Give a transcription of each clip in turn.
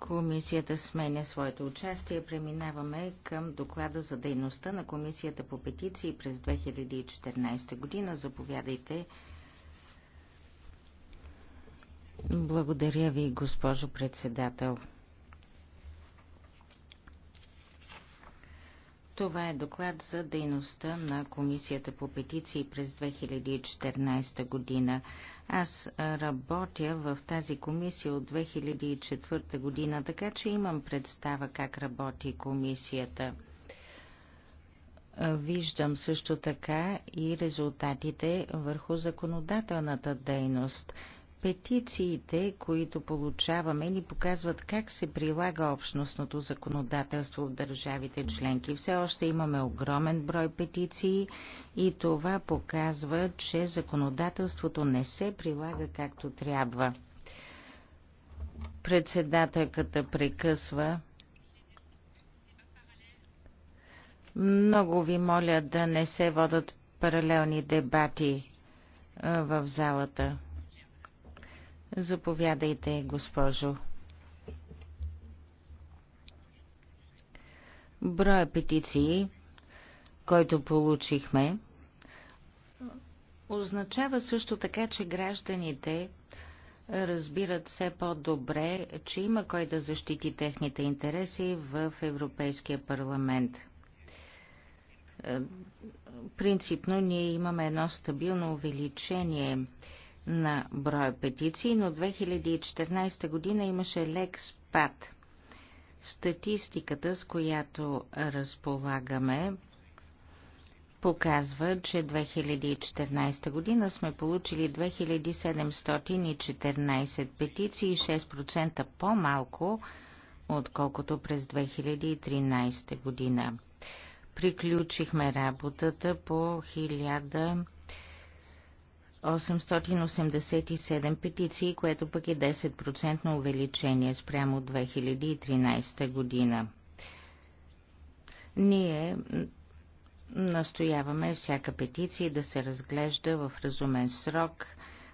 Комисията сменя своето участие. Преминаваме към доклада за дейността на Комисията по петиции през 2014 година. Заповядайте. Благодаря ви, госпожо председател. Това е доклад за дейността на Комисията по петиции през 2014 година. Аз работя в тази комисия от 2004 година, така че имам представа как работи комисията. Виждам също така и резултатите върху законодателната дейност – Петициите, които получаваме, ни показват как се прилага общностното законодателство в държавите членки. Все още имаме огромен брой петиции и това показва, че законодателството не се прилага както трябва. Председателката прекъсва. Много ви моля да не се водат паралелни дебати в залата. Заповядайте, госпожо. Броя петиции, който получихме, означава също така, че гражданите разбират все по-добре, че има кой да защити техните интереси в Европейския парламент. Е, принципно ние имаме едно стабилно увеличение на броя петиции, но 2014 година имаше лек спад. Статистиката, с която разполагаме, показва, че 2014 година сме получили 2714 петиции, 6% по-малко, отколкото през 2013 година. Приключихме работата по 1000 887 петиции, което пък е 10% увеличение спрямо 2013 година. Ние настояваме всяка петиция да се разглежда в разумен срок,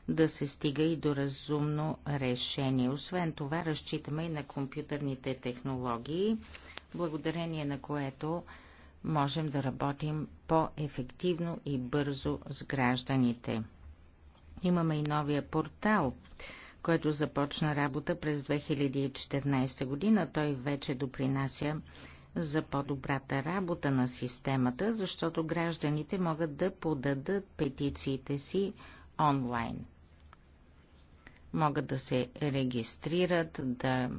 да се стига и до разумно решение. Освен това, разчитаме и на компютърните технологии, благодарение на което можем да работим по-ефективно и бързо с гражданите имаме и новия портал, който започна работа през 2014 година. Той вече допринася за по-добрата работа на системата, защото гражданите могат да подадат петициите си онлайн. Могат да се регистрират, да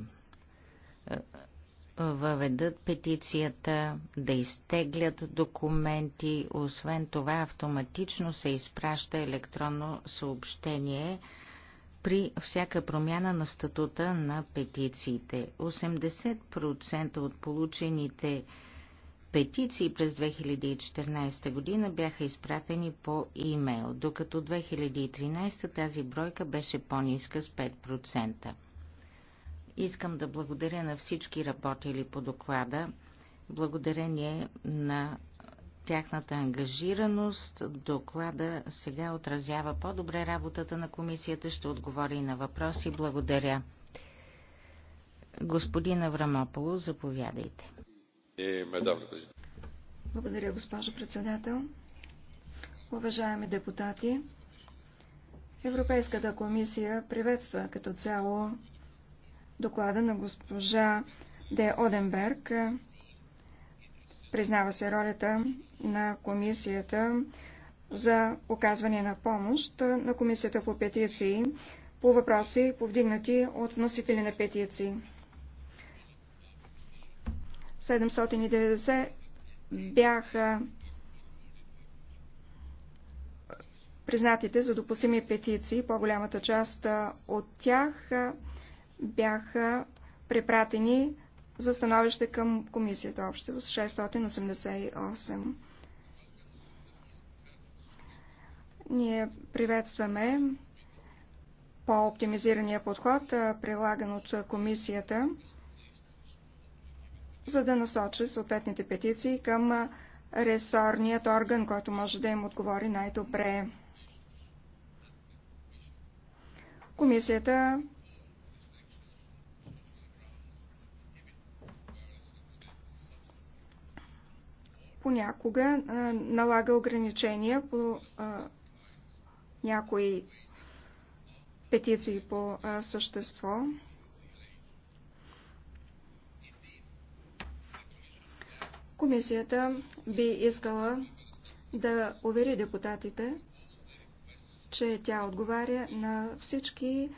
въведат петицията, да изтеглят документи. Освен това, автоматично се изпраща електронно съобщение при всяка промяна на статута на петициите. 80% от получените петиции през 2014 година бяха изпратени по имейл, докато 2013 тази бройка беше по-ниска с 5%. Искам да благодаря на всички работили по доклада. Благодарение на тяхната ангажираност, доклада сега отразява по-добре работата на комисията, ще отговори и на въпроси. Благодаря. Господин Аврамополо, заповядайте. Е, благодаря, госпожо председател. Уважаеми депутати, Европейската комисия приветства като цяло доклада на госпожа Де Оденберг. Признава се ролята на комисията за оказване на помощ на комисията по петиции по въпроси, повдигнати от вносители на петиции. 790 бяха признатите за допустими петиции, по-голямата част от тях бяха препратени за становище към комисията общо с 688. Ние приветстваме по-оптимизирания подход, прилаган от комисията, за да насочи съответните петиции към ресорният орган, който може да им отговори най-добре. Комисията понякога налага ограничения по някои петиции по същество. Комисията би искала да увери депутатите, че тя отговаря на всички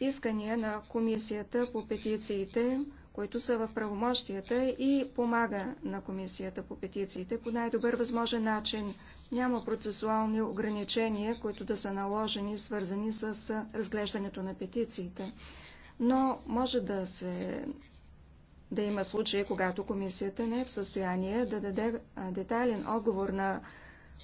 искания на Комисията по петициите които са в правомощията и помага на комисията по петициите по най-добър възможен начин. Няма процесуални ограничения, които да са наложени, свързани с разглеждането на петициите. Но може да се да има случаи, когато комисията не е в състояние да даде детайлен отговор на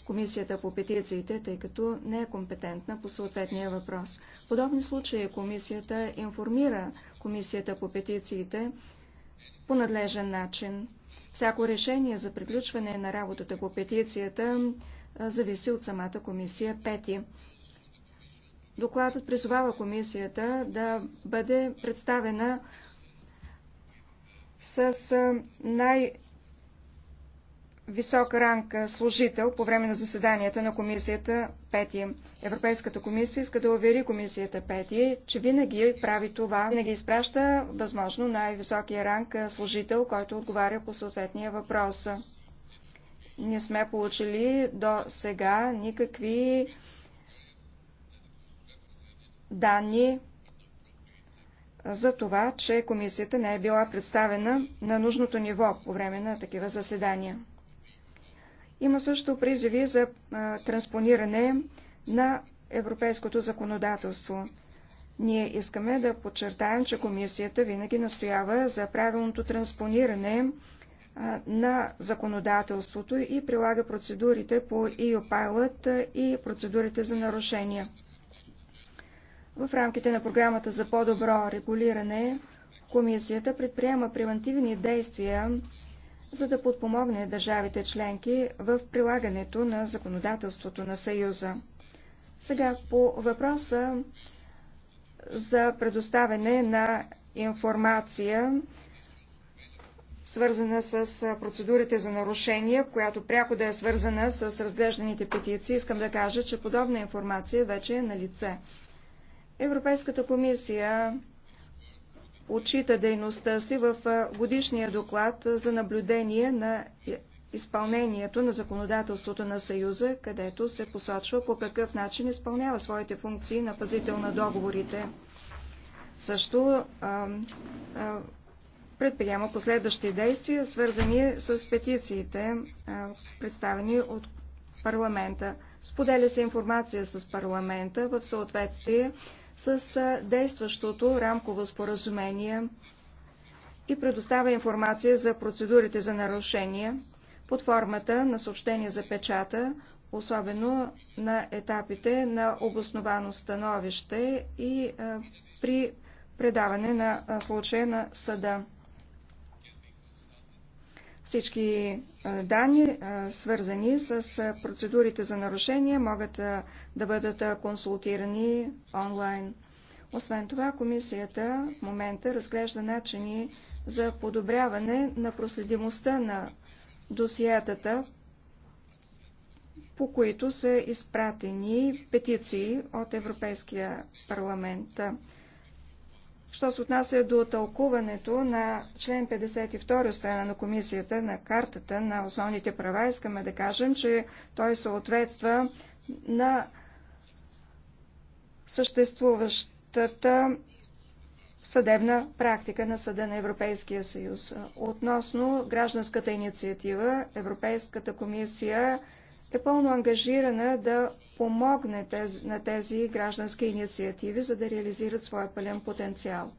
комисията по петициите, тъй като не е компетентна по съответния въпрос. В подобни случаи комисията информира Комисията по петициите по надлежен начин. Всяко решение за приключване на работата по петицията зависи от самата комисия пети. Докладът призовава комисията да бъде представена с най- висок ранг служител по време на заседанията на комисията Пети. Европейската комисия иска да увери комисията Пети, че винаги прави това, винаги изпраща възможно най-високия ранг служител, който отговаря по съответния въпрос. Не сме получили до сега никакви данни за това, че комисията не е била представена на нужното ниво по време на такива заседания. Има също призиви за транспониране на европейското законодателство. Ние искаме да подчертаем, че комисията винаги настоява за правилното транспониране на законодателството и прилага процедурите по EU и процедурите за нарушения. В рамките на програмата за по-добро регулиране, комисията предприема превентивни действия за да подпомогне държавите членки в прилагането на законодателството на Съюза. Сега по въпроса за предоставяне на информация, свързана с процедурите за нарушения, която пряко да е свързана с разглежданите петиции, искам да кажа, че подобна информация вече е на лице. Европейската комисия отчита дейността си в годишния доклад за наблюдение на изпълнението на законодателството на Съюза, където се посочва по какъв начин изпълнява своите функции на пазител на договорите. Също а, а, предприема последващи действия, свързани с петициите, а, представени от парламента. Споделя се информация с парламента в съответствие с действащото рамково споразумение и предоставя информация за процедурите за нарушения под формата на съобщения за печата, особено на етапите на обосновано становище и при предаване на случая на съда. Всички данни, свързани с процедурите за нарушения, могат да бъдат консултирани онлайн. Освен това, комисията в момента разглежда начини за подобряване на проследимостта на досиятата, по които са изпратени петиции от Европейския парламент. Що се отнася до тълкуването на член 52 страна на комисията на картата на основните права, искаме да кажем, че той съответства на съществуващата съдебна практика на Съда на Европейския съюз. Относно гражданската инициатива, Европейската комисия е пълно ангажирана да помогне на тези граждански инициативи, за да реализират своя пълен потенциал.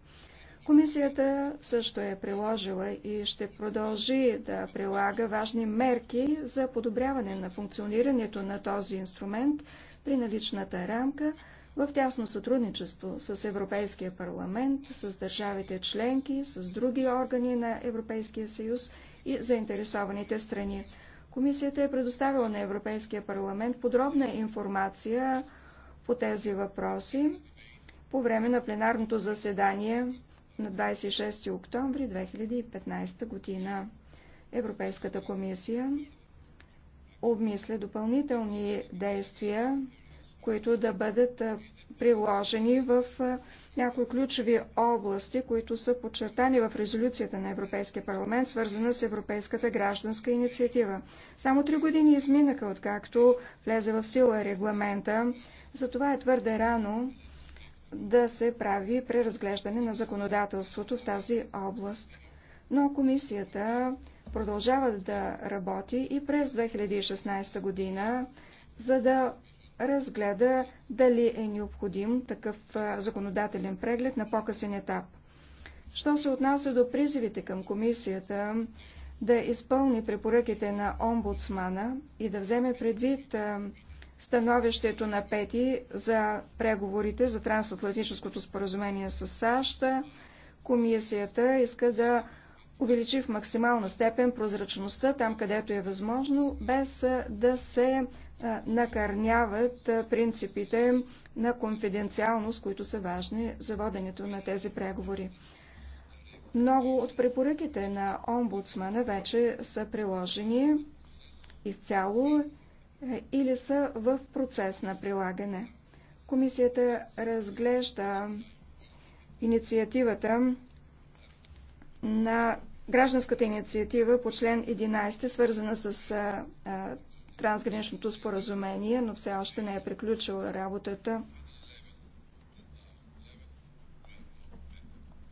Комисията също е приложила и ще продължи да прилага важни мерки за подобряване на функционирането на този инструмент при наличната рамка в тясно сътрудничество с Европейския парламент, с държавите членки, с други органи на Европейския съюз и заинтересованите страни. Комисията е предоставила на Европейския парламент подробна информация по тези въпроси по време на пленарното заседание на 26 октомври 2015 година. Европейската комисия обмисля допълнителни действия които да бъдат приложени в някои ключови области, които са подчертани в резолюцията на Европейския парламент, свързана с Европейската гражданска инициатива. Само три години изминаха, откакто влезе в сила регламента, затова е твърде рано да се прави преразглеждане на законодателството в тази област. Но комисията продължава да работи и през 2016 година, за да разгледа дали е необходим такъв законодателен преглед на по-късен етап. Що се отнася до призивите към комисията да изпълни препоръките на омбудсмана и да вземе предвид становището на Пети за преговорите за трансатлантическото споразумение с САЩ, комисията иска да увеличи в максимална степен прозрачността там, където е възможно, без да се накърняват принципите на конфиденциалност, които са важни за воденето на тези преговори. Много от препоръките на омбудсмана вече са приложени изцяло е, или са в процес на прилагане. Комисията разглежда инициативата на гражданската инициатива по член 11, свързана с а, а, трансграничното споразумение, но все още не е приключила работата,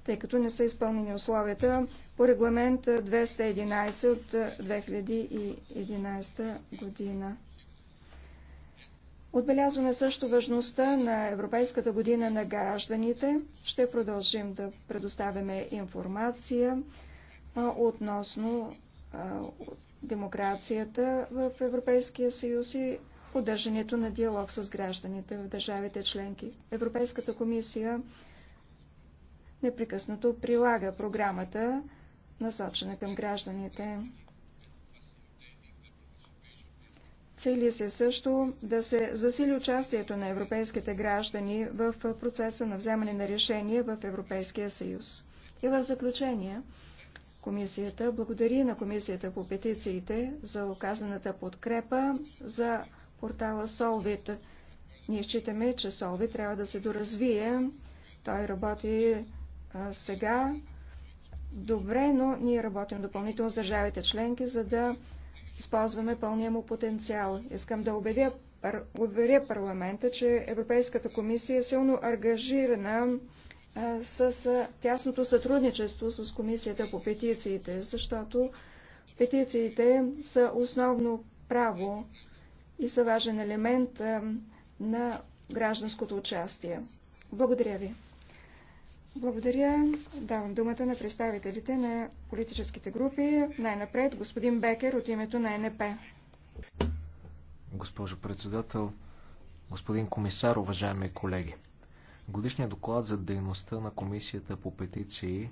тъй като не са изпълнени условията по регламент 211 от 2011 година. Отбелязваме също важността на Европейската година на гражданите. Ще продължим да предоставяме информация относно демокрацията в Европейския съюз и поддържането на диалог с гражданите в държавите членки. Европейската комисия непрекъснато прилага програмата, насочена към гражданите. Цели се също да се засили участието на европейските граждани в процеса на вземане на решения в Европейския съюз. И в заключение, комисията благодари на комисията по петициите за оказаната подкрепа за портала Solvit. Ние считаме, че Solvit трябва да се доразвие. Той работи а, сега добре, но ние работим допълнително с държавите членки, за да използваме пълния му потенциал. Искам да убедя, уверя парламента, че Европейската комисия е силно ангажирана с тясното сътрудничество с комисията по петициите, защото петициите са основно право и са важен елемент на гражданското участие. Благодаря ви. Благодаря. Давам думата на представителите на политическите групи. Най-напред господин Бекер от името на НП. Госпожо председател, господин комисар, уважаеми колеги. Годишният доклад за дейността на Комисията по петиции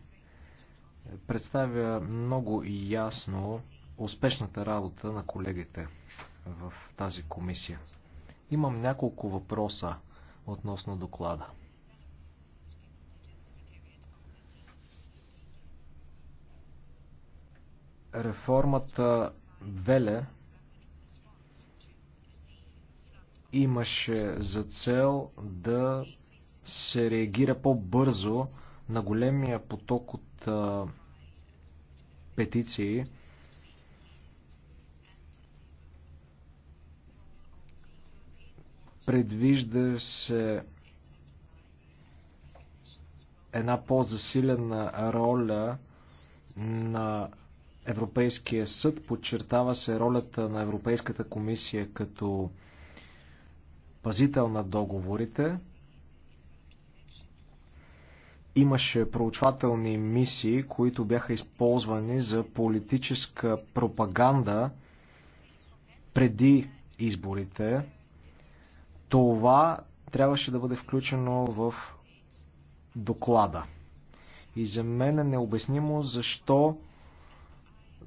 представя много и ясно успешната работа на колегите в тази комисия. Имам няколко въпроса относно доклада. реформата Веле имаше за цел да се реагира по-бързо на големия поток от а, петиции. Предвижда се една по-засилена роля на Европейския съд, подчертава се ролята на Европейската комисия като пазител на договорите. Имаше проучвателни мисии, които бяха използвани за политическа пропаганда преди изборите. Това трябваше да бъде включено в доклада. И за мен е необяснимо защо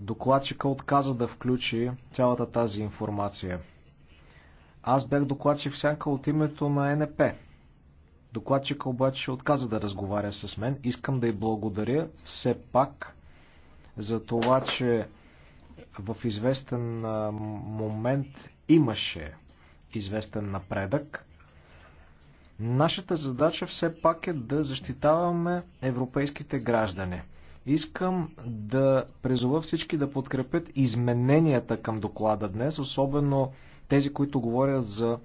Докладчика отказа да включи цялата тази информация. Аз бях докладчик сянка от името на НП. Докладчика обаче отказа да разговаря с мен. Искам да й благодаря все пак за това, че в известен момент имаше известен напредък. Нашата задача все пак е да защитаваме европейските граждани. Искам да призова всички да подкрепят измененията към доклада днес, особено тези, които говорят за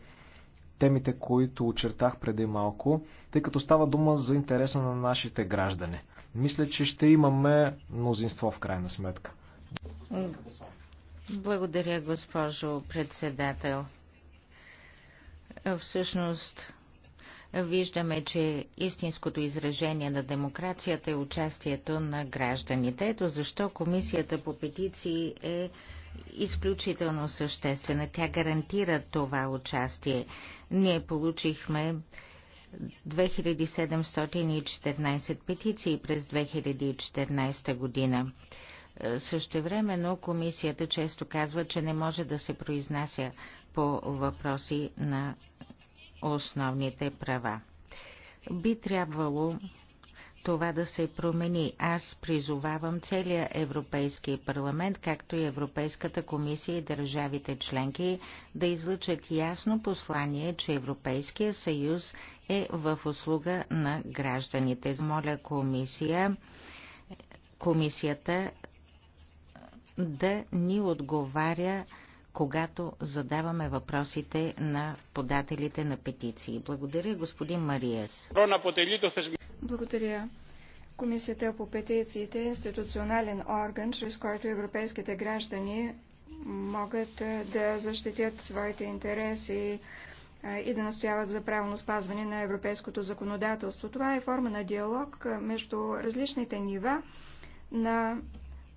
темите, които очертах преди малко, тъй като става дума за интереса на нашите граждани. Мисля, че ще имаме мнозинство в крайна сметка. Благодаря, госпожо председател. Всъщност, виждаме, че истинското изражение на демокрацията е участието на гражданите. Ето защо Комисията по петиции е изключително съществена. Тя гарантира това участие. Ние получихме 2714 петиции през 2014 година. Е, същевременно комисията често казва, че не може да се произнася по въпроси на основните права. Би трябвало това да се промени. Аз призовавам целия Европейски парламент, както и Европейската комисия и държавите членки да излъчат ясно послание, че Европейския съюз е в услуга на гражданите. Моля комисия, комисията да ни отговаря когато задаваме въпросите на подателите на петиции. Благодаря, господин Мариес. Благодаря. Комисията е по петициите е институционален орган, чрез който европейските граждани могат да защитят своите интереси и да настояват за правилно спазване на европейското законодателство. Това е форма на диалог между различните нива на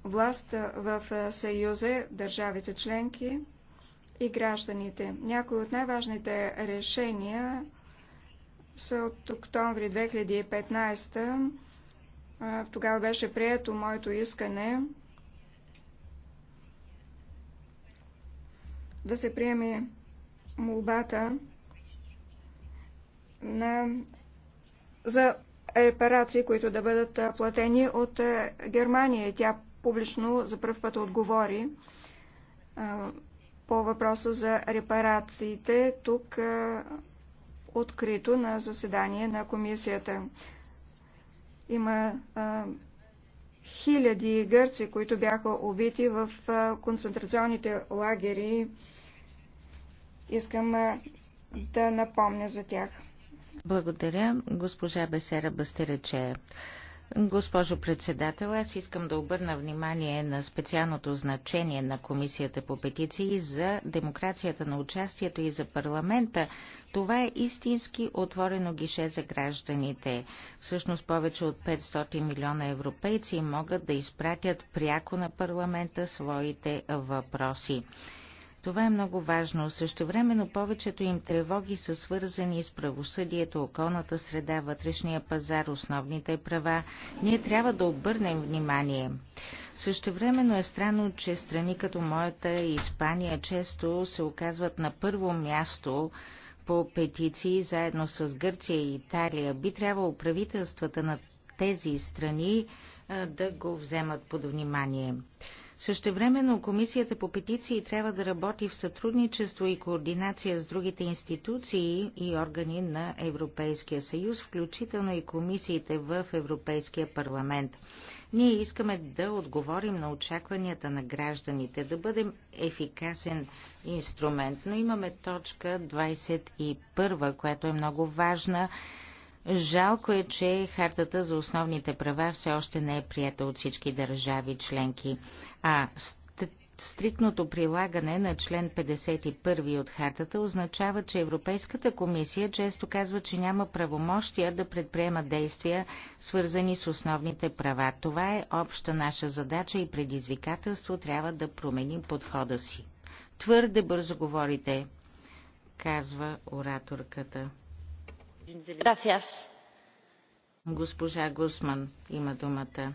власт в Съюза, държавите членки, и гражданите. Някои от най-важните решения са от октомври 2015. Тогава беше прието моето искане да се приеме молбата на, за репарации, които да бъдат платени от Германия. Тя публично за първ път отговори по въпроса за репарациите тук е, открито на заседание на комисията. Има а, е, хиляди гърци, които бяха убити в а, е, концентрационните лагери. Искам а, да напомня за тях. Благодаря, госпожа Бесера Бастерече. Госпожо председател, аз искам да обърна внимание на специалното значение на Комисията по петиции за демокрацията на участието и за парламента. Това е истински отворено гише за гражданите. Всъщност повече от 500 милиона европейци могат да изпратят пряко на парламента своите въпроси. Това е много важно. Същевременно повечето им тревоги са свързани с правосъдието, околната среда, вътрешния пазар, основните права. Ние трябва да обърнем внимание. Същевременно е странно, че страни като моята и Испания често се оказват на първо място по петиции заедно с Гърция и Италия. Би трябвало правителствата на тези страни да го вземат под внимание. Същевременно Комисията по петиции трябва да работи в сътрудничество и координация с другите институции и органи на Европейския съюз, включително и комисиите в Европейския парламент. Ние искаме да отговорим на очакванията на гражданите, да бъдем ефикасен инструмент, но имаме точка 21, която е много важна Жалко е, че хартата за основните права все още не е прията от всички държави членки, а Стриктното прилагане на член 51 от хартата означава, че Европейската комисия често казва, че няма правомощия да предприема действия, свързани с основните права. Това е обща наша задача и предизвикателство трябва да променим подхода си. Твърде бързо говорите, казва ораторката. Госпожа Гусман има думата.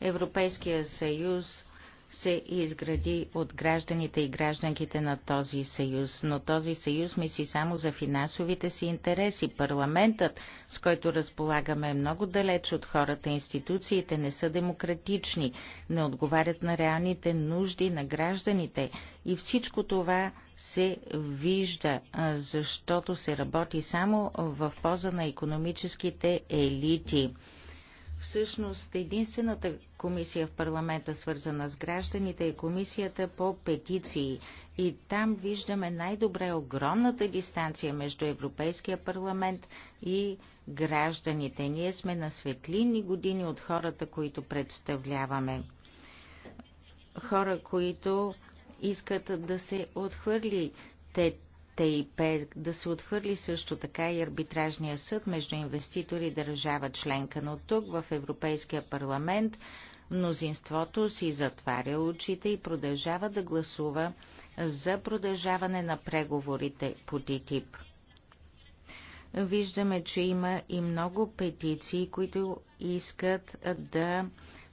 Европейския съюз се изгради от гражданите и гражданките на този съюз, но този съюз мисли само за финансовите си интереси. Парламентът, с който разполагаме е много далеч от хората, институциите не са демократични, не отговарят на реалните нужди на гражданите и всичко това се вижда, защото се работи само в поза на економическите елити. Всъщност единствената комисия в парламента, свързана с гражданите, е комисията по петиции. И там виждаме най-добре огромната дистанция между Европейския парламент и гражданите. Ние сме на светлини години от хората, които представляваме. Хора, които искат да се отхвърли те ТИП, да се отхвърли също така и арбитражния съд между инвеститори и държава членка, но тук в Европейския парламент мнозинството си затваря очите и продължава да гласува за продължаване на преговорите по ТИТИП. Виждаме, че има и много петиции, които искат да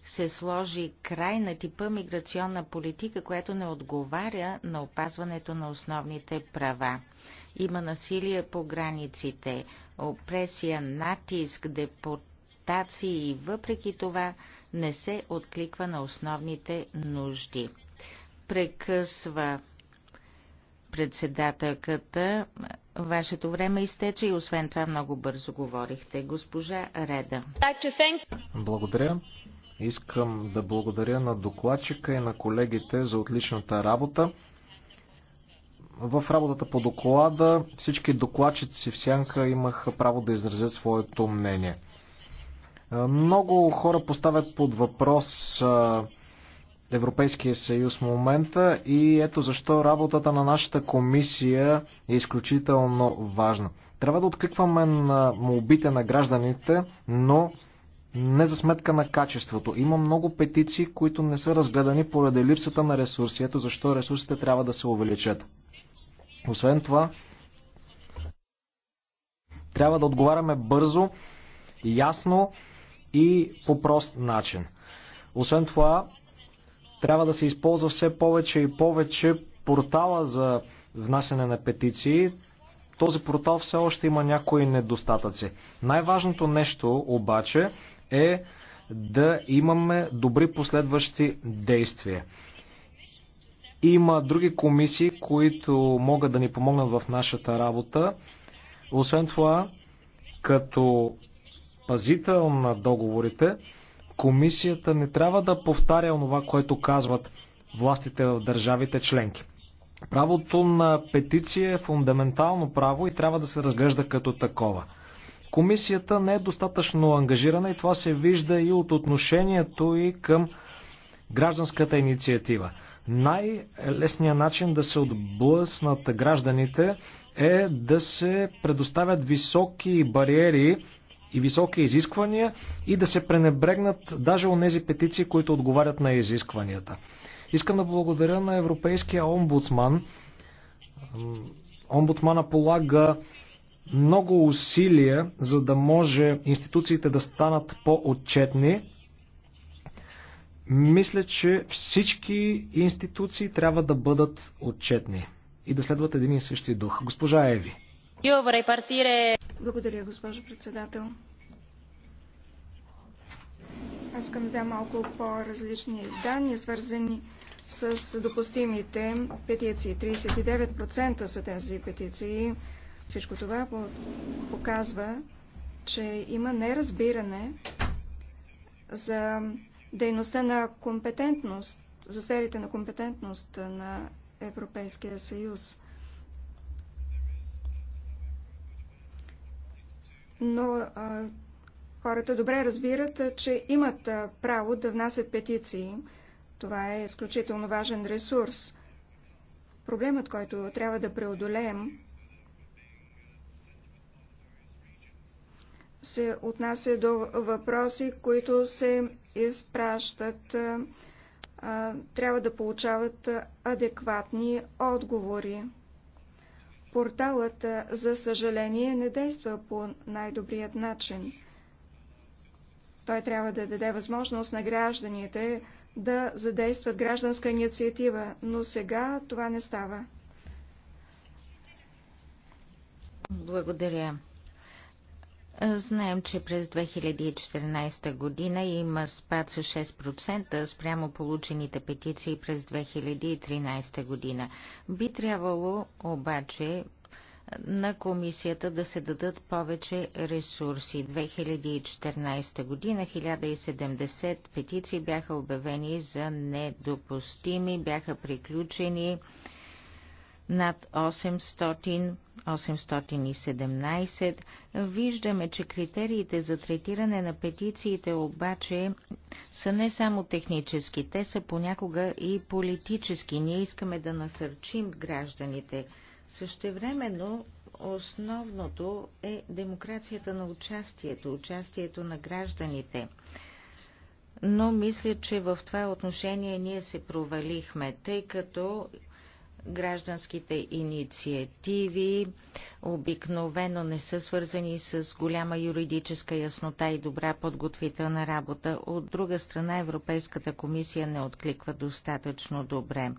се сложи край на типа миграционна политика, която не отговаря на опазването на основните права. Има насилие по границите, опресия, натиск, депортации и въпреки това не се откликва на основните нужди. Прекъсва председателката. Вашето време изтече и освен това много бързо говорихте. Госпожа Реда. Благодаря. Искам да благодаря на докладчика и на колегите за отличната работа. В работата по доклада всички докладчици в сянка имаха право да изразят своето мнение. Много хора поставят под въпрос Европейския съюз в момента и ето защо работата на нашата комисия е изключително важна. Трябва да откликваме на молбите на гражданите, но не за сметка на качеството. Има много петиции, които не са разгледани поради липсата на ресурси. Ето защо ресурсите трябва да се увеличат. Освен това, трябва да отговаряме бързо, ясно и по прост начин. Освен това, трябва да се използва все повече и повече портала за внасяне на петиции. Този портал все още има някои недостатъци. Най-важното нещо обаче е да имаме добри последващи действия. Има други комисии, които могат да ни помогнат в нашата работа. Освен това, като пазител на договорите, комисията не трябва да повтаря онова, което казват властите в държавите членки. Правото на петиция е фундаментално право и трябва да се разглежда като такова. Комисията не е достатъчно ангажирана и това се вижда и от отношението и към гражданската инициатива. Най-лесният начин да се отблъснат гражданите е да се предоставят високи бариери и високи изисквания и да се пренебрегнат даже от тези петиции, които отговарят на изискванията. Искам да благодаря на Европейския омбудсман. Омбудсмана полага много усилия, за да може институциите да станат по-отчетни. Мисля, че всички институции трябва да бъдат отчетни и да следват един и същи дух. Госпожа Еви. Благодаря, госпожо председател. Аз искам да дам малко по-различни данни, свързани с допустимите петиции. 39% са тези петиции всичко това показва, че има неразбиране за дейността на компетентност, за сферите на компетентност на Европейския съюз. Но а, хората добре разбират, че имат право да внасят петиции. Това е изключително важен ресурс. Проблемът, който трябва да преодолеем, се отнася до въпроси, които се изпращат, трябва да получават адекватни отговори. Порталът, за съжаление, не действа по най-добрият начин. Той трябва да даде възможност на гражданите да задействат гражданска инициатива, но сега това не става. Благодаря. Знаем, че през 2014 година има спад с 6% спрямо получените петиции през 2013 година. Би трябвало обаче на комисията да се дадат повече ресурси. 2014 година 1070 петиции бяха обявени за недопустими, бяха приключени над 800, 817. Виждаме, че критериите за третиране на петициите обаче са не само технически, те са понякога и политически. Ние искаме да насърчим гражданите. Същевременно основното е демокрацията на участието, участието на гражданите. Но мисля, че в това отношение ние се провалихме, тъй като гражданските инициативи обикновено не са свързани с голяма юридическа яснота и добра подготвителна работа. От друга страна Европейската комисия не откликва достатъчно добре.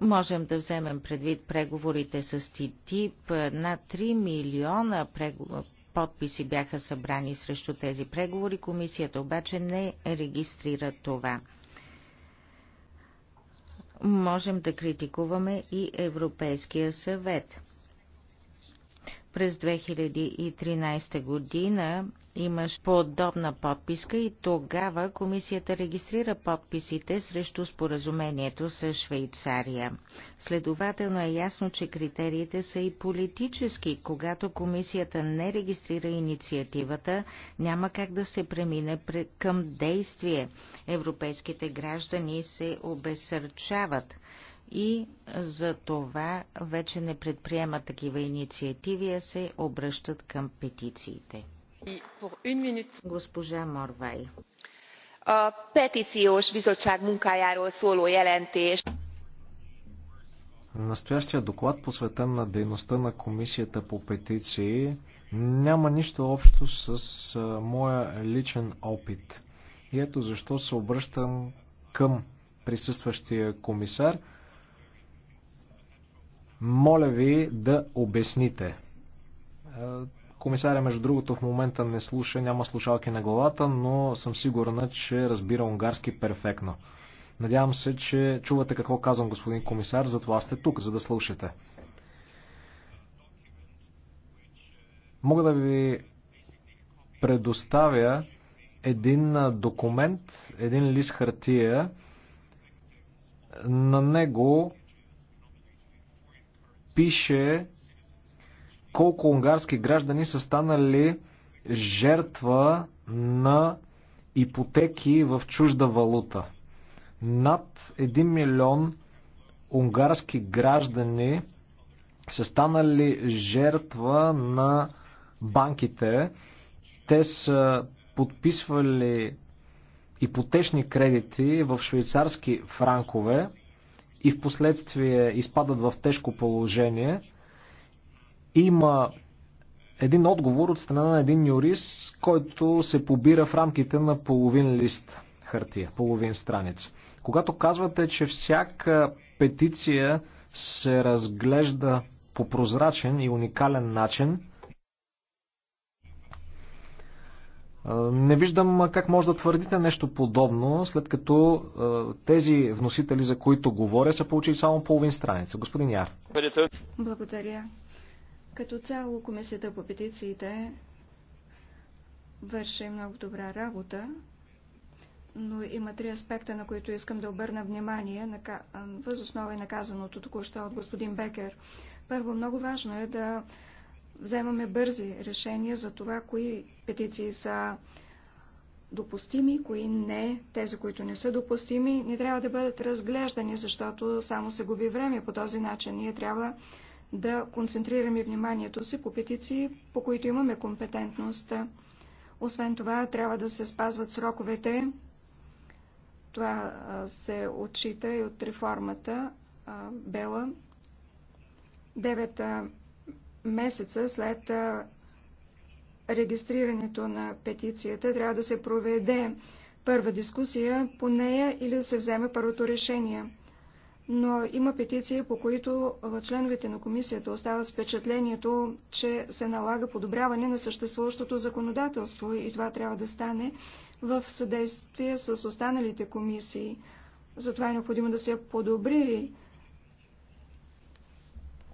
Можем да вземем предвид преговорите с ТИТИП. На 3 милиона преговори подписи бяха събрани срещу тези преговори. Комисията обаче не регистрира това можем да критикуваме и Европейския съвет. През 2013 година имаш подобна подписка и тогава комисията регистрира подписите срещу споразумението с Швейцария. Следователно е ясно, че критериите са и политически. Когато комисията не регистрира инициативата, няма как да се премине към действие. Европейските граждани се обесърчават и за това вече не предприемат такива инициативи, а се обръщат към петициите. Госпожа Морвай. A petíciós bizottság munkájáról szóló jelentés. Настоящия доклад, посветен на дейността на Комисията по петиции, няма нищо общо с моя личен опит. И ето защо се обръщам към присъстващия комисар – моля ви да обясните. Е, комисаря, между другото, в момента не слуша, няма слушалки на главата, но съм сигурна, че разбира унгарски перфектно. Надявам се, че чувате какво казвам, господин комисар, затова сте тук, за да слушате. Мога да ви предоставя един документ, един лист хартия. На него пише колко унгарски граждани са станали жертва на ипотеки в чужда валута. Над 1 милион унгарски граждани са станали жертва на банките. Те са подписвали ипотечни кредити в швейцарски франкове и в последствие изпадат в тежко положение, има един отговор от страна на един юрист, който се побира в рамките на половин лист хартия, половин страница. Когато казвате, че всяка петиция се разглежда по прозрачен и уникален начин, Не виждам как може да твърдите нещо подобно, след като тези вносители, за които говоря, са получили само половин страница. Господин Яр. Благодаря. Като цяло Комисията по петициите върши много добра работа, но има три аспекта, на които искам да обърна внимание, възоснова и наказаното току-що от господин Бекер. Първо, много важно е да вземаме бързи решения за това, кои петиции са допустими, кои не. Тези, които не са допустими, не трябва да бъдат разглеждани, защото само се губи време. По този начин ние трябва да концентрираме вниманието си по петиции, по които имаме компетентност. Освен това, трябва да се спазват сроковете. Това се отчита и от реформата Бела. Девета месеца след регистрирането на петицията трябва да се проведе първа дискусия по нея или да се вземе първото решение. Но има петиции, по които членовете на комисията остават с впечатлението, че се налага подобряване на съществуващото законодателство и това трябва да стане в съдействие с останалите комисии. Затова е необходимо да се подобри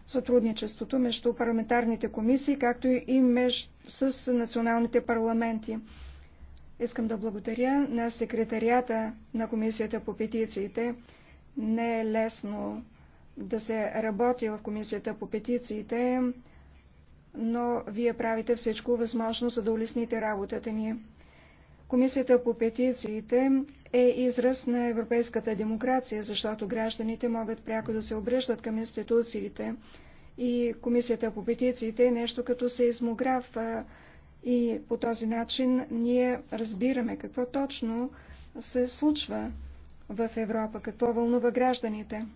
сътрудничеството между парламентарните комисии, както и между, с националните парламенти. Искам да благодаря на секретарията на Комисията по петициите. Не е лесно да се работи в Комисията по петициите, но вие правите всичко възможно, за да улесните работата ни. Комисията по петициите е израз на европейската демокрация, защото гражданите могат пряко да се обръщат към институциите. И Комисията по петициите е нещо като сеизмограф и по този начин ние разбираме какво точно се случва в Европа, какво вълнува гражданите.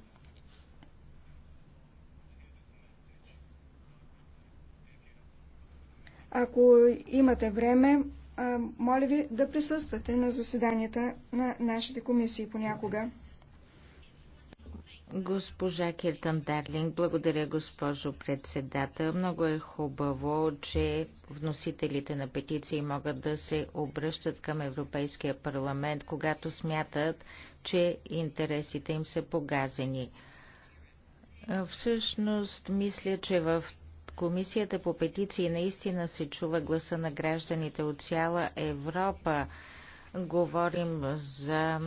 Ако имате време, моля ви да присъствате на заседанията на нашите комисии понякога. Госпожа Киртан Дарлинг, благодаря госпожо председател. Много е хубаво, че вносителите на петиции могат да се обръщат към Европейския парламент, когато смятат, че интересите им са погазени. Всъщност, мисля, че в Комисията по петиции наистина се чува гласа на гражданите от цяла Европа. Говорим за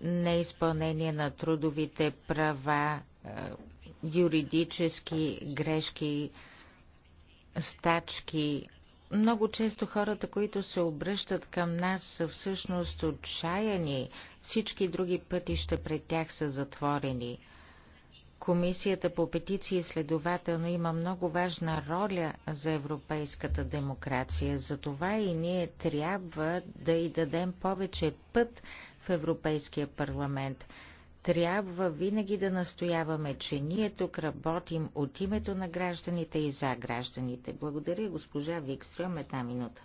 неизпълнение на трудовите права, е, юридически грешки, стачки. Много често хората, които се обръщат към нас, са всъщност отчаяни. Всички други пътища пред тях са затворени. Комисията по петиции следователно има много важна роля за европейската демокрация. Затова и ние трябва да й дадем повече път в Европейския парламент. Трябва винаги да настояваме, че ние тук работим от името на гражданите и за гражданите. Благодаря, госпожа Викстрем, една минута.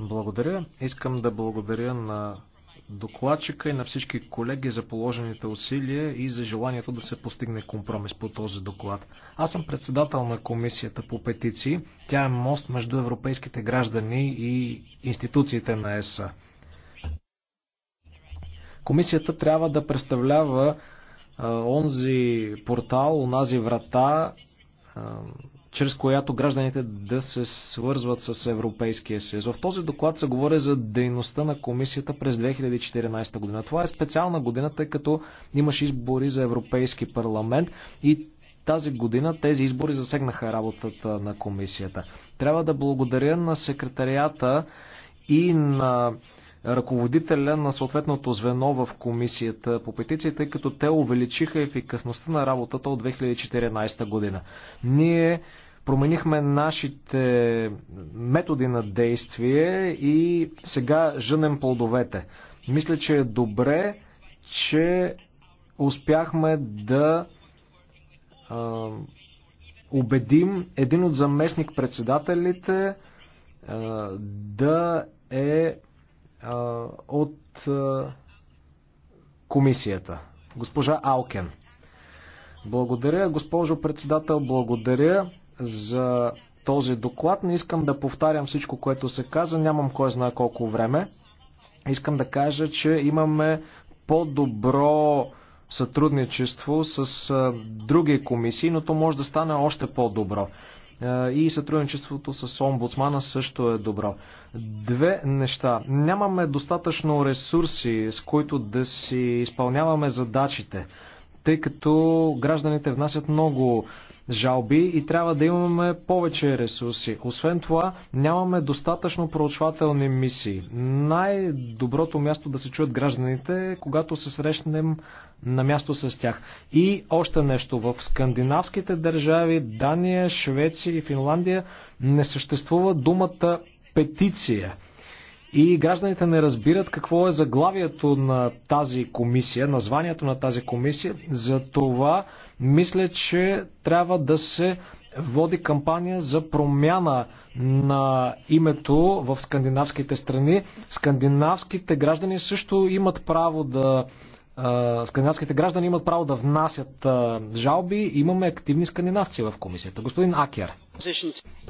Благодаря. Искам да благодаря на докладчика и на всички колеги за положените усилия и за желанието да се постигне компромис по този доклад. Аз съм председател на комисията по петиции. Тя е мост между европейските граждани и институциите на ЕСА. Комисията трябва да представлява а, онзи портал, онази врата, а, чрез която гражданите да се свързват с Европейския съюз. В този доклад се говори за дейността на комисията през 2014 година. Това е специална година, тъй като имаше избори за Европейски парламент и тази година тези избори засегнаха работата на комисията. Трябва да благодаря на секретарията и на ръководителя на съответното звено в комисията по петиции, тъй като те увеличиха ефикасността на работата от 2014 година. Ние променихме нашите методи на действие и сега женем плодовете. Мисля, че е добре, че успяхме да а, убедим един от заместник-председателите а, да е а, от а, комисията. Госпожа Алкен. Благодаря, госпожо председател, благодаря за този доклад. Не искам да повтарям всичко, което се каза. Нямам кой знае колко време. Искам да кажа, че имаме по-добро сътрудничество с други комисии, но то може да стане още по-добро. И сътрудничеството с омбудсмана също е добро. Две неща. Нямаме достатъчно ресурси, с които да си изпълняваме задачите, тъй като гражданите внасят много жалби и трябва да имаме повече ресурси. Освен това, нямаме достатъчно проучвателни мисии. Най-доброто място да се чуят гражданите е когато се срещнем на място с тях. И още нещо. В скандинавските държави, Дания, Швеция и Финландия не съществува думата петиция. И гражданите не разбират какво е заглавието на тази комисия, названието на тази комисия. За това мисля, че трябва да се води кампания за промяна на името в скандинавските страни. Скандинавските граждани също имат право да скандинавските граждани имат право да внасят жалби. Имаме активни скандинавци в комисията. Господин Акер.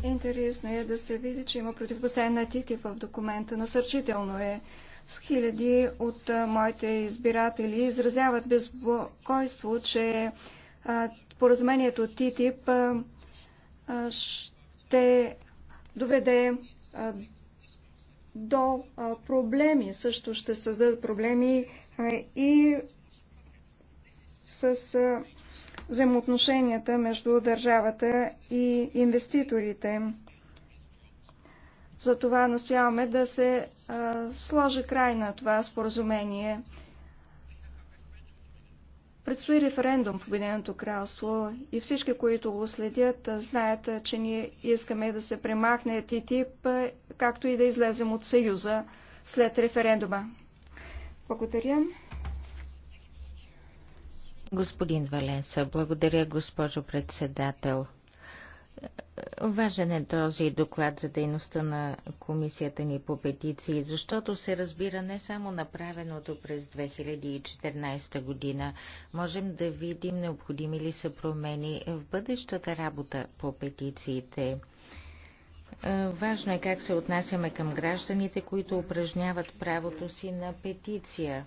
Интересно е да се види, че има противопоставяне на ТТИП в документа. Насърчително е. С хиляди от моите избиратели изразяват безпокойство, че Поразумението ТИТИП ще доведе до проблеми. Също ще създадат проблеми и с взаимоотношенията между държавата и инвеститорите. Затова настояваме да се сложи край на това споразумение. Предстои референдум в Обединеното кралство и всички, които го следят, знаят, че ние искаме да се премахне ТТИП, както и да излезем от Съюза след референдума. Благодаря. Господин Валенса, благодаря, госпожо председател. Важен е този доклад за дейността на комисията ни по петиции, защото се разбира не само направеното през 2014 година. Можем да видим необходими ли са промени в бъдещата работа по петициите. Е, важно е как се отнасяме към гражданите, които упражняват правото си на петиция.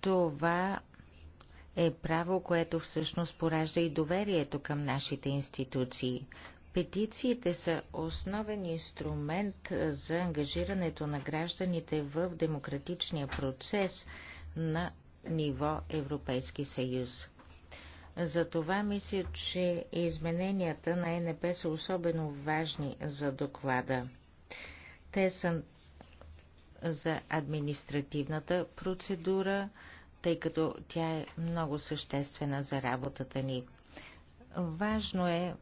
Това е право, което всъщност поражда и доверието към нашите институции. Петициите са основен инструмент за ангажирането на гражданите в демократичния процес на ниво Европейски съюз. Затова мисля, че измененията на НП са особено важни за доклада. Те са за административната процедура, тъй като тя е много съществена за работата ни. Важно е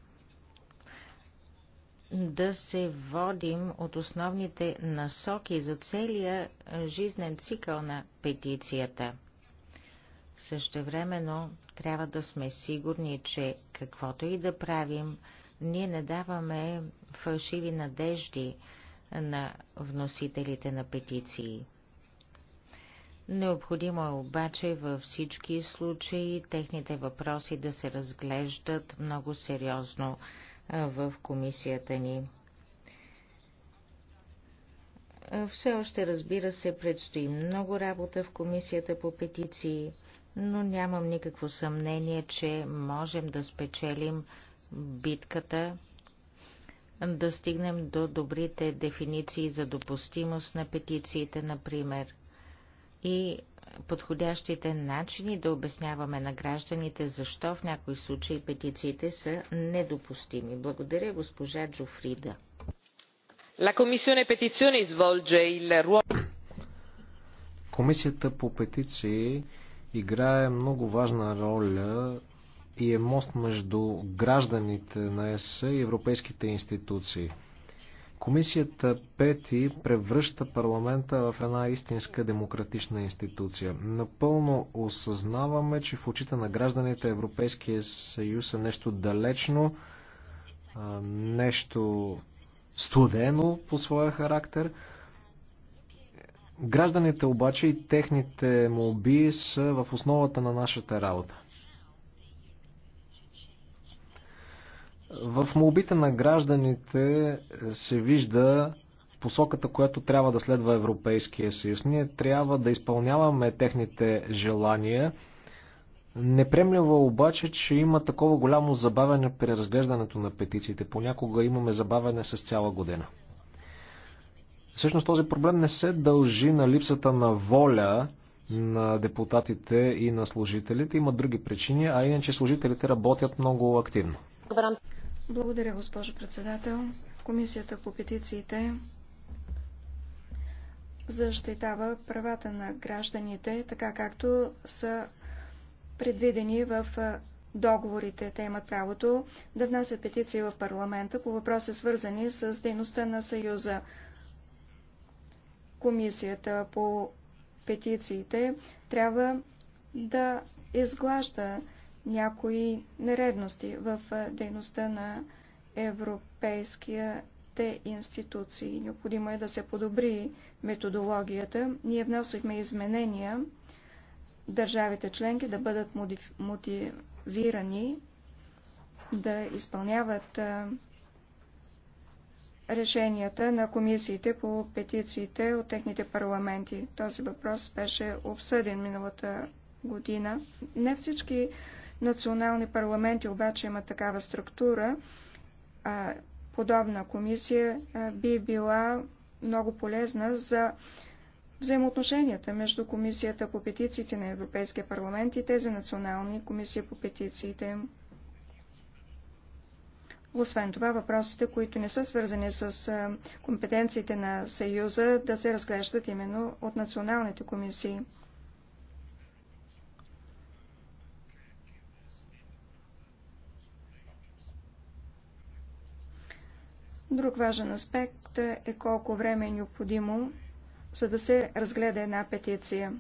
да се водим от основните насоки за целия жизнен цикъл на петицията. Същевременно трябва да сме сигурни, че каквото и да правим, ние не даваме фалшиви надежди на вносителите на петиции. Необходимо е обаче във всички случаи техните въпроси да се разглеждат много сериозно в комисията ни. Все още, разбира се, предстои много работа в комисията по петиции, но нямам никакво съмнение, че можем да спечелим битката, да стигнем до добрите дефиниции за допустимост на петициите, например – и подходящите начини да обясняваме на гражданите защо в някои случаи петициите са недопустими. Благодаря госпожа Джофрида. Комисията по петиции играе много важна роля и е мост между гражданите на ЕС и европейските институции. Комисията Пети превръща парламента в една истинска демократична институция. Напълно осъзнаваме, че в очите на гражданите Европейския съюз е нещо далечно, нещо студено по своя характер. Гражданите обаче и техните молби са в основата на нашата работа. В молбите на гражданите е, се вижда посоката, която трябва да следва Европейския съюз. Ние трябва да изпълняваме техните желания. Непремлива е обаче, че има такова голямо забавяне при разглеждането на петициите. Понякога имаме забавяне с цяла година. Всъщност този проблем не се дължи на липсата на воля на депутатите и на служителите. Има други причини, а иначе служителите работят много активно. Благодаря, госпожо председател. Комисията по петициите защитава правата на гражданите, така както са предвидени в договорите. Те имат правото да внасят петиции в парламента по въпроси свързани с дейността на Съюза. Комисията по петициите трябва да изглажда някои нередности в дейността на европейските институции. Необходимо е да се подобри методологията. Ние вносихме изменения държавите членки да бъдат мотивирани да изпълняват решенията на комисиите по петициите от техните парламенти. Този въпрос беше обсъден миналата година. Не всички национални парламенти обаче имат такава структура, а, подобна комисия а, би била много полезна за взаимоотношенията между Комисията по петициите на Европейския парламент и тези национални комисии по петициите. Освен това, въпросите, които не са свързани с компетенциите на Съюза, да се разглеждат именно от националните комисии. Друг важен аспект е колко време е необходимо, за да се разгледа една петиция.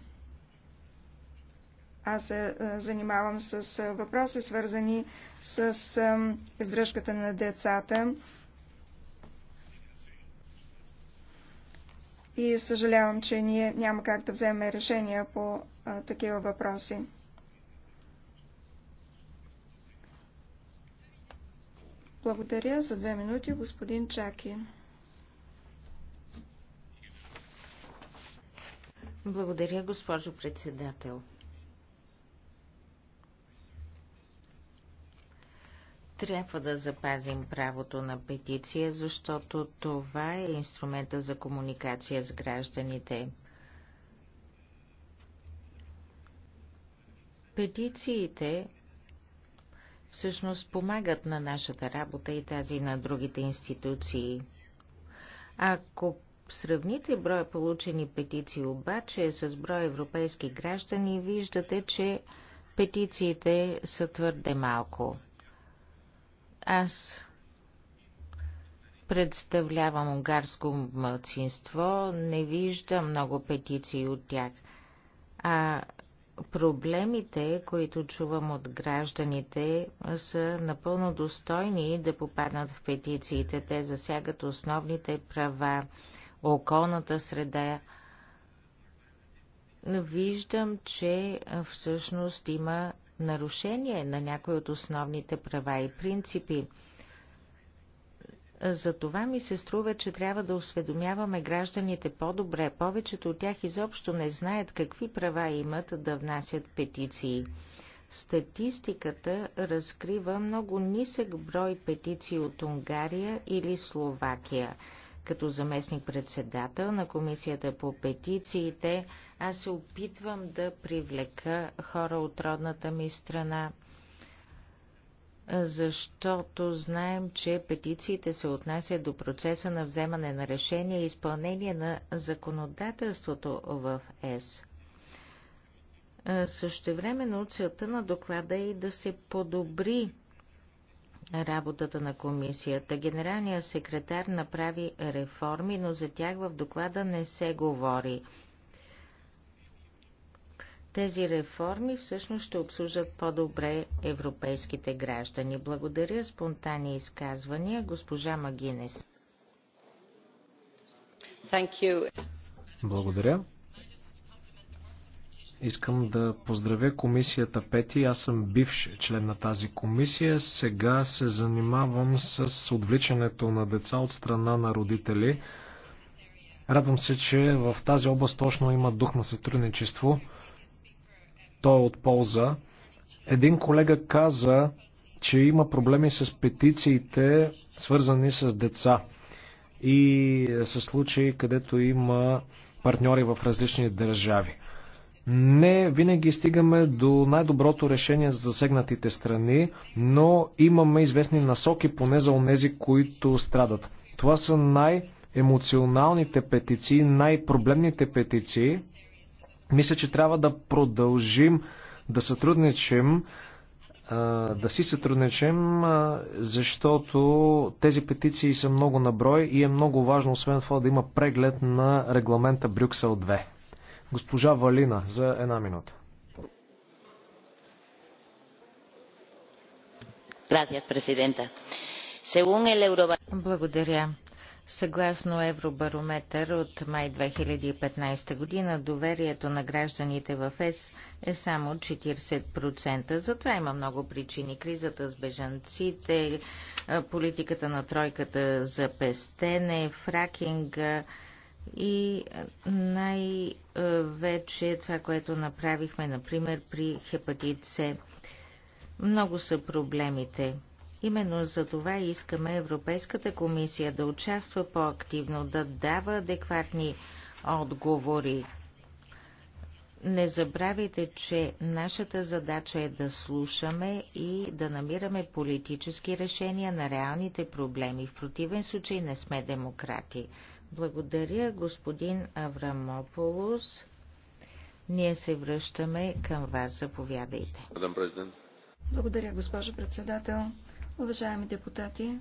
Аз се занимавам с въпроси, свързани с издръжката на децата. И съжалявам, че ние няма как да вземем решения по такива въпроси. Благодаря за две минути, господин Чаки. Благодаря, госпожо председател. Трябва да запазим правото на петиция, защото това е инструмента за комуникация с гражданите. Петициите всъщност помагат на нашата работа и тази на другите институции. Ако сравните броя получени петиции обаче с броя европейски граждани, виждате, че петициите са твърде малко. Аз представлявам унгарско мълцинство, не виждам много петиции от тях. А Проблемите, които чувам от гражданите, са напълно достойни да попаднат в петициите. Те засягат основните права, околната среда. Виждам, че всъщност има нарушение на някои от основните права и принципи. За това ми се струва, че трябва да осведомяваме гражданите по-добре. Повечето от тях изобщо не знаят какви права имат да внасят петиции. Статистиката разкрива много нисък брой петиции от Унгария или Словакия. Като заместник-председател на Комисията по петициите, аз се опитвам да привлека хора от родната ми страна – защото знаем, че петициите се отнасят до процеса на вземане на решение и изпълнение на законодателството в ЕС. Същевременно целта на доклада е и да се подобри работата на комисията. Генералният секретар направи реформи, но за тях в доклада не се говори. Тези реформи всъщност ще обслужат по-добре европейските граждани. Благодаря спонтанни изказвания. Госпожа Магинес. Благодаря. Искам да поздравя комисията Пети. Аз съм бивш член на тази комисия. Сега се занимавам с отвличането на деца от страна на родители. Радвам се, че в тази област точно има дух на сътрудничество то е от полза. Един колега каза, че има проблеми с петициите, свързани с деца и с случаи, където има партньори в различни държави. Не винаги стигаме до най-доброто решение за засегнатите страни, но имаме известни насоки поне за онези, които страдат. Това са най- емоционалните петиции, най-проблемните петиции, мисля, че трябва да продължим да сътрудничим, да си сътрудничим, защото тези петиции са много наброй и е много важно, освен това, да има преглед на регламента Брюксел 2. Госпожа Валина, за една минута. Благодаря. Съгласно Евробарометър от май 2015 година, доверието на гражданите в ЕС е само 40%. Затова има много причини. Кризата с бежанците, политиката на тройката за пестене, фракинга и най-вече това, което направихме, например, при хепатит С. Много са проблемите. Именно за това искаме Европейската комисия да участва по-активно, да дава адекватни отговори. Не забравяйте, че нашата задача е да слушаме и да намираме политически решения на реалните проблеми. В противен случай не сме демократи. Благодаря, господин Аврамополус. Ние се връщаме към вас. Заповядайте. Благодаря, госпожо председател. Уважаеми депутати,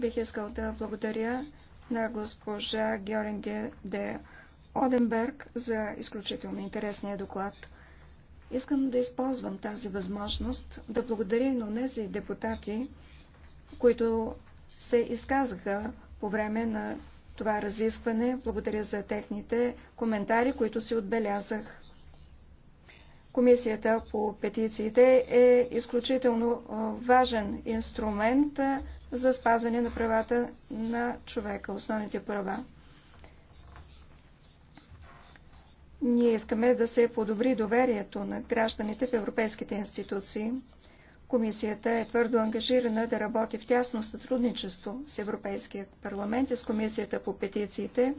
бих искал да благодаря на госпожа Георинге де Оденберг за изключително интересния доклад. Искам да използвам тази възможност да благодаря на тези депутати, които се изказаха по време на това разискване. Благодаря за техните коментари, които си отбелязах. Комисията по петициите е изключително важен инструмент за спазване на правата на човека, основните права. Ние искаме да се подобри доверието на гражданите в европейските институции. Комисията е твърдо ангажирана да работи в тясно сътрудничество с Европейския парламент и с Комисията по петициите,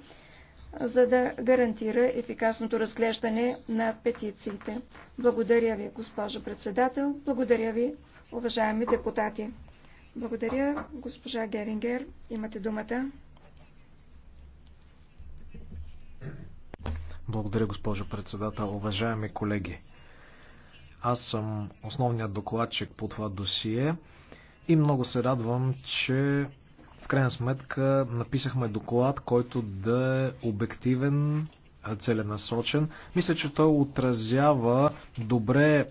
за да гарантира ефикасното разглеждане на петициите. Благодаря ви, госпожо председател. Благодаря ви, уважаеми депутати. Благодаря, госпожа Герингер. Имате думата. Благодаря, госпожо председател. Уважаеми колеги, аз съм основният докладчик по това досие и много се радвам, че в крайна сметка написахме доклад, който да е обективен, целенасочен. Мисля, че той отразява добре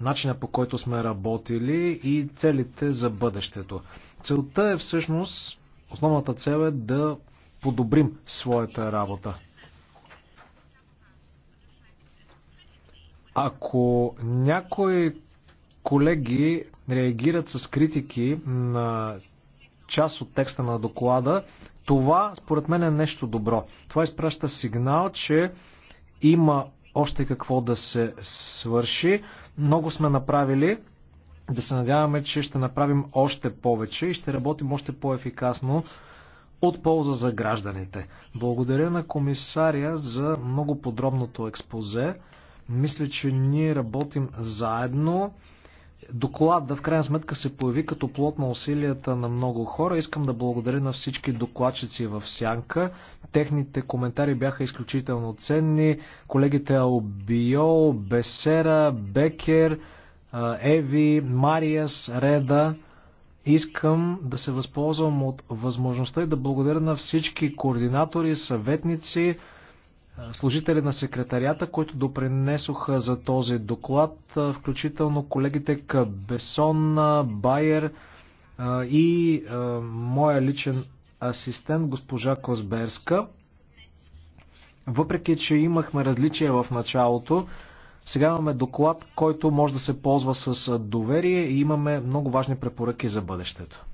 начина по който сме работили и целите за бъдещето. Целта е всъщност, основната цел е да подобрим своята работа. Ако някои колеги реагират с критики на част от текста на доклада. Това, според мен, е нещо добро. Това изпраща сигнал, че има още какво да се свърши. Много сме направили. Да се надяваме, че ще направим още повече и ще работим още по-ефикасно от полза за гражданите. Благодаря на комисаря за много подробното експозе. Мисля, че ние работим заедно да в крайна сметка се появи като плод на усилията на много хора. Искам да благодаря на всички докладчици в Сянка. Техните коментари бяха изключително ценни. Колегите Албио, Бесера, Бекер, Еви, Мариас, Реда. Искам да се възползвам от възможността и да благодаря на всички координатори, съветници, служители на секретарията, които допринесоха за този доклад, включително колегите Кабесон, Байер и моя личен асистент госпожа Козберска. Въпреки, че имахме различия в началото, сега имаме доклад, който може да се ползва с доверие и имаме много важни препоръки за бъдещето.